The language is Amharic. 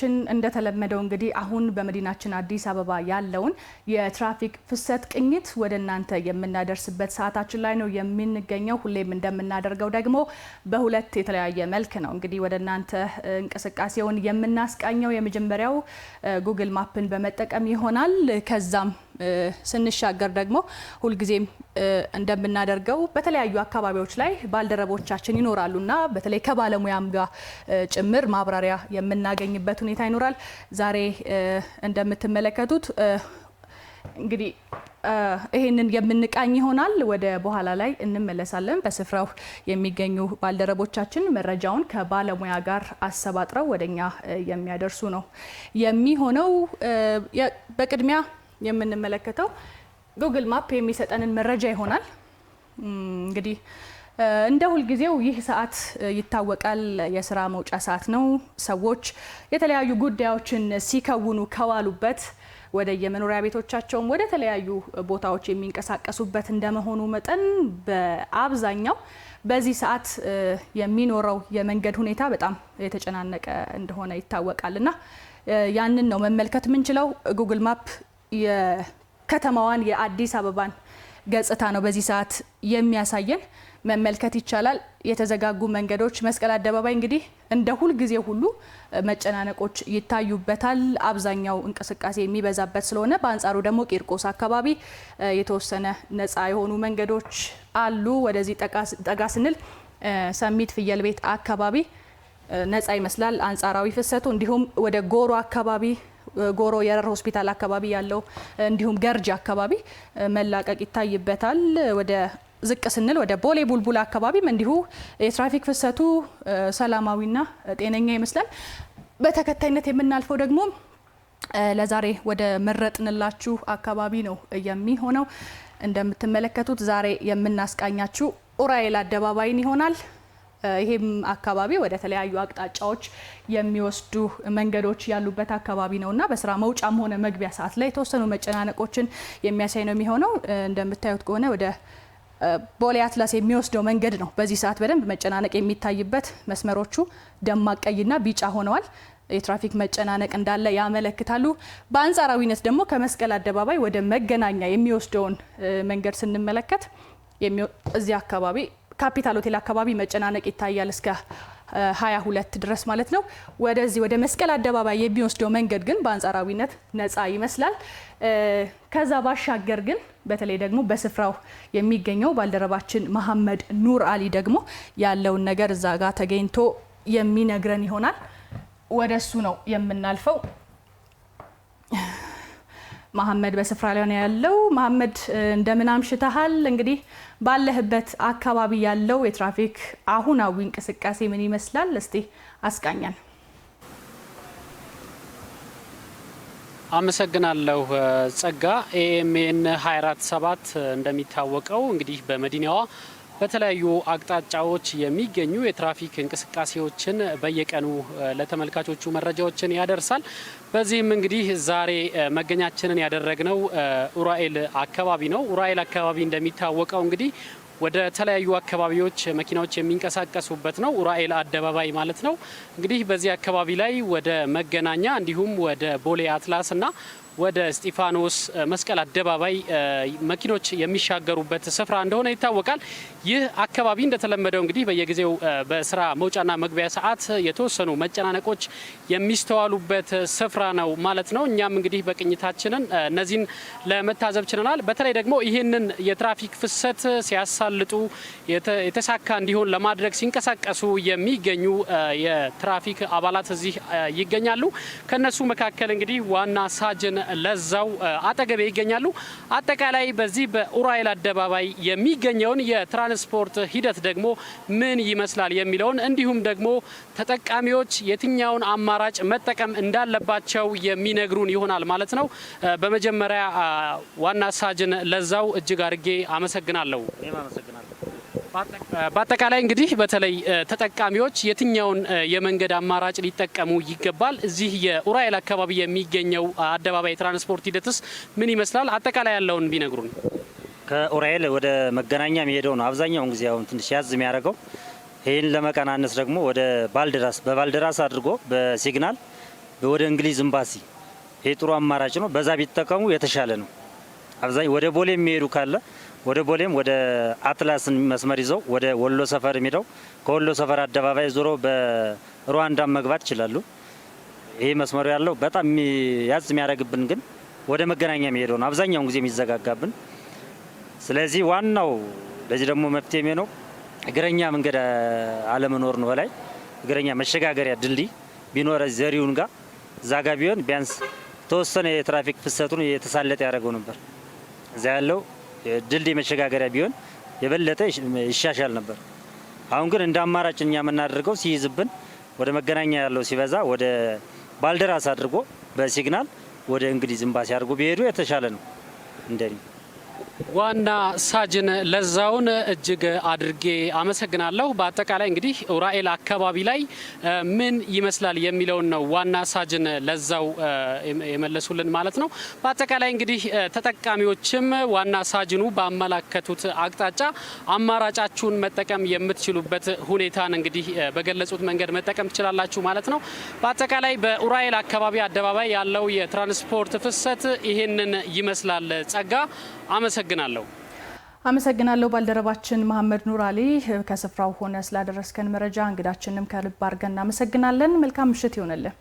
ችን እንደተለመደው እንግዲህ አሁን በመዲናችን አዲስ አበባ ያለውን የትራፊክ ፍሰት ቅኝት ወደ እናንተ የምናደርስበት ሰዓታችን ላይ ነው የምንገኘው። ሁሌም እንደምናደርገው ደግሞ በሁለት የተለያየ መልክ ነው እንግዲህ ወደ እናንተ እንቅስቃሴውን የምናስቃኘው። የመጀመሪያው ጉግል uh, ማፕን በመጠቀም ይሆናል። ከዛም ስንሻገር ደግሞ ሁልጊዜም እንደምናደርገው በተለያዩ አካባቢዎች ላይ ባልደረቦቻችን ይኖራሉና በተለይ ከባለሙያም ጋር ጭምር ማብራሪያ የምናገኝበት ሁኔታ ይኖራል። ዛሬ እንደምትመለከቱት እንግዲህ ይህንን የምንቃኝ ይሆናል። ወደ በኋላ ላይ እንመለሳለን። በስፍራው የሚገኙ ባልደረቦቻችን መረጃውን ከባለሙያ ጋር አሰባጥረው ወደኛ የሚያደርሱ ነው የሚሆነው። በቅድሚያ የምንመለከተው ጉግል ማፕ የሚሰጠንን መረጃ ይሆናል። እንግዲህ እንደ ሁልጊዜው ይህ ሰዓት ይታወቃል። የስራ መውጫ ሰዓት ነው። ሰዎች የተለያዩ ጉዳዮችን ሲከውኑ ከዋሉበት ወደ የመኖሪያ ቤቶቻቸውም ወደ ተለያዩ ቦታዎች የሚንቀሳቀሱበት እንደመሆኑ መጠን በአብዛኛው በዚህ ሰዓት የሚኖረው የመንገድ ሁኔታ በጣም የተጨናነቀ እንደሆነ ይታወቃል እና ያንን ነው መመልከት የምንችለው። ጉግል ማፕ የከተማዋን የአዲስ አበባን ገጽታ ነው በዚህ ሰዓት የሚያሳየን መመልከት ይቻላል። የተዘጋጉ መንገዶች፣ መስቀል አደባባይ እንግዲህ እንደ ሁል ጊዜ ሁሉ መጨናነቆች ይታዩበታል። አብዛኛው እንቅስቃሴ የሚበዛበት ስለሆነ፣ በአንጻሩ ደግሞ ቂርቆስ አካባቢ የተወሰነ ነፃ የሆኑ መንገዶች አሉ። ወደዚህ ጠጋ ስንል ሰሚት ፍየል ቤት አካባቢ ነፃ ይመስላል አንጻራዊ ፍሰቱ። እንዲሁም ወደ ጎሮ አካባቢ ጎሮ የረር ሆስፒታል አካባቢ ያለው እንዲሁም ገርጂ አካባቢ መላቀቅ ይታይበታል። ወደ ዝቅ ስንል ወደ ቦሌ ቡልቡላ አካባቢም እንዲሁ የትራፊክ ፍሰቱ ሰላማዊና ጤነኛ ይመስላል። በተከታይነት የምናልፈው ደግሞ ለዛሬ ወደ መረጥንላችሁ አካባቢ ነው የሚሆነው። እንደምትመለከቱት ዛሬ የምናስቃኛችሁ ዑራኤል አደባባይን ይሆናል። ይሄም አካባቢ ወደ ተለያዩ አቅጣጫዎች የሚወስዱ መንገዶች ያሉበት አካባቢ ነው እና በስራ መውጫም ሆነ መግቢያ ሰዓት ላይ የተወሰኑ መጨናነቆችን የሚያሳይ ነው የሚሆነው። እንደምታዩት ከሆነ ወደ ቦሌ አትላስ የሚወስደው መንገድ ነው በዚህ ሰዓት በደንብ መጨናነቅ የሚታይበት። መስመሮቹ ደማቅ ቀይና ቢጫ ሆነዋል። የትራፊክ መጨናነቅ እንዳለ ያመለክታሉ። በአንጻራዊነት ደግሞ ከመስቀል አደባባይ ወደ መገናኛ የሚወስደውን መንገድ ስንመለከት እዚህ አካባቢ ካፒታል ሆቴል አካባቢ መጨናነቅ ይታያል እስከ 22 ድረስ ማለት ነው። ወደዚህ ወደ መስቀል አደባባይ የሚወስደው መንገድ ግን በአንጻራዊነት ነፃ ይመስላል። ከዛ ባሻገር ግን በተለይ ደግሞ በስፍራው የሚገኘው ባልደረባችን መሐመድ ኑር አሊ ደግሞ ያለውን ነገር እዛ ጋር ተገኝቶ የሚነግረን ይሆናል። ወደ እሱ ነው የምናልፈው። መሐመድ በስፍራ ላይ ነው ያለው። መሐመድ እንደምን አምሽተሃል? እንግዲህ ባለህበት አካባቢ ያለው የትራፊክ አሁናዊ እንቅስቃሴ ምን ይመስላል? እስቲ አስቃኛል። አመሰግናለሁ ጸጋ። ኤኤምኤን 247 እንደሚታወቀው እንግዲህ በመዲናዋ በተለያዩ አቅጣጫዎች የሚገኙ የትራፊክ እንቅስቃሴዎችን በየቀኑ ለተመልካቾቹ መረጃዎችን ያደርሳል። በዚህም እንግዲህ ዛሬ መገኛችንን ያደረግነው ኡራኤል አካባቢ ነው። ኡራኤል አካባቢ እንደሚታወቀው እንግዲህ ወደ ተለያዩ አካባቢዎች መኪናዎች የሚንቀሳቀሱበት ነው፣ ኡራኤል አደባባይ ማለት ነው። እንግዲህ በዚህ አካባቢ ላይ ወደ መገናኛ እንዲሁም ወደ ቦሌ አትላስ እና ወደ እስጢፋኖስ መስቀል አደባባይ መኪኖች የሚሻገሩበት ስፍራ እንደሆነ ይታወቃል። ይህ አካባቢ እንደተለመደው እንግዲህ በየጊዜው በስራ መውጫና መግቢያ ሰዓት የተወሰኑ መጨናነቆች የሚስተዋሉበት ስፍራ ነው ማለት ነው። እኛም እንግዲህ በቅኝታችንን እነዚህን ለመታዘብ ችለናል። በተለይ ደግሞ ይህንን የትራፊክ ፍሰት ሲያሳልጡ የተሳካ እንዲሆን ለማድረግ ሲንቀሳቀሱ የሚገኙ የትራፊክ አባላት እዚህ ይገኛሉ። ከነሱ መካከል እንግዲህ ዋና ሳጅን ለዛው አጠገቤ ይገኛሉ። አጠቃላይ በዚህ በኡራይል አደባባይ የሚገኘውን የትራንስፖርት ሂደት ደግሞ ምን ይመስላል የሚለውን እንዲሁም ደግሞ ተጠቃሚዎች የትኛውን አማራጭ መጠቀም እንዳለባቸው የሚነግሩን ይሆናል ማለት ነው። በመጀመሪያ ዋና ሳጅን ለዛው እጅግ አድርጌ አመሰግናለሁ። በአጠቃላይ እንግዲህ በተለይ ተጠቃሚዎች የትኛውን የመንገድ አማራጭ ሊጠቀሙ ይገባል? እዚህ የኡራኤል አካባቢ የሚገኘው አደባባይ የትራንስፖርት ሂደትስ ምን ይመስላል? አጠቃላይ ያለውን ቢነግሩን። ከኡራኤል ወደ መገናኛ የሚሄደው ነው አብዛኛውን ጊዜ አሁን ትንሽ ያዝ የሚያደርገው። ይህን ለመቀናነስ ደግሞ ወደ ባልደራስ በባልደራስ አድርጎ በሲግናል ወደ እንግሊዝ ኤምባሲ ይህ ጥሩ አማራጭ ነው። በዛ ቢጠቀሙ የተሻለ ነው። አብዛኛው ወደ ቦሌ የሚሄዱ ካለ ወደ ቦሌም ወደ አትላስን መስመር ይዘው ወደ ወሎ ሰፈር የሚሄደው ከወሎ ሰፈር አደባባይ ዞሮ በሩዋንዳ መግባት ይችላሉ። ይሄ መስመሩ ያለው በጣም ያዝ የሚያደርግብን ግን ወደ መገናኛ የሚሄደው ነው አብዛኛውን ጊዜ የሚዘጋጋብን። ስለዚህ ዋናው ለዚህ ደግሞ መፍትሄ የሚሆነው እግረኛ መንገድ አለመኖር ነው። በላይ እግረኛ መሸጋገሪያ ድልድይ ቢኖረ ዘሪውን ጋር እዛ ጋ ቢሆን ቢያንስ ተወሰነ የትራፊክ ፍሰቱን የተሳለጠ ያደረገው ነበር። እዛ ያለው ድልድይ መሸጋገሪያ ቢሆን የበለጠ ይሻሻል ነበር። አሁን ግን እንደ አማራጭ እኛ የምናደርገው ሲይዝብን ወደ መገናኛ ያለው ሲበዛ ወደ ባልደራስ አድርጎ በሲግናል ወደ እንግሊዝ ኤምባሲ አድርጎ ቢሄዱ የተሻለ ነው እንደኔ ዋና ሳጅን ለዛውን እጅግ አድርጌ አመሰግናለሁ። በአጠቃላይ እንግዲህ ኡራኤል አካባቢ ላይ ምን ይመስላል የሚለውን ነው ዋና ሳጅን ለዛው የመለሱልን ማለት ነው። በአጠቃላይ እንግዲህ ተጠቃሚዎችም ዋና ሳጅኑ ባመላከቱት አቅጣጫ አማራጫችሁን መጠቀም የምትችሉበት ሁኔታን እንግዲህ በገለጹት መንገድ መጠቀም ትችላላችሁ ማለት ነው። በአጠቃላይ በኡራኤል አካባቢ አደባባይ ያለው የትራንስፖርት ፍሰት ይህንን ይመስላል። ጸጋ አመሰግ አመሰግናለሁ። አመሰግናለሁ ባልደረባችን መሐመድ ኑር አሊ ከስፍራው ሆነ ስላደረስከን መረጃ። እንግዳችንም ከልብ አድርገን እናመሰግናለን። መልካም ምሽት ይሆንልን።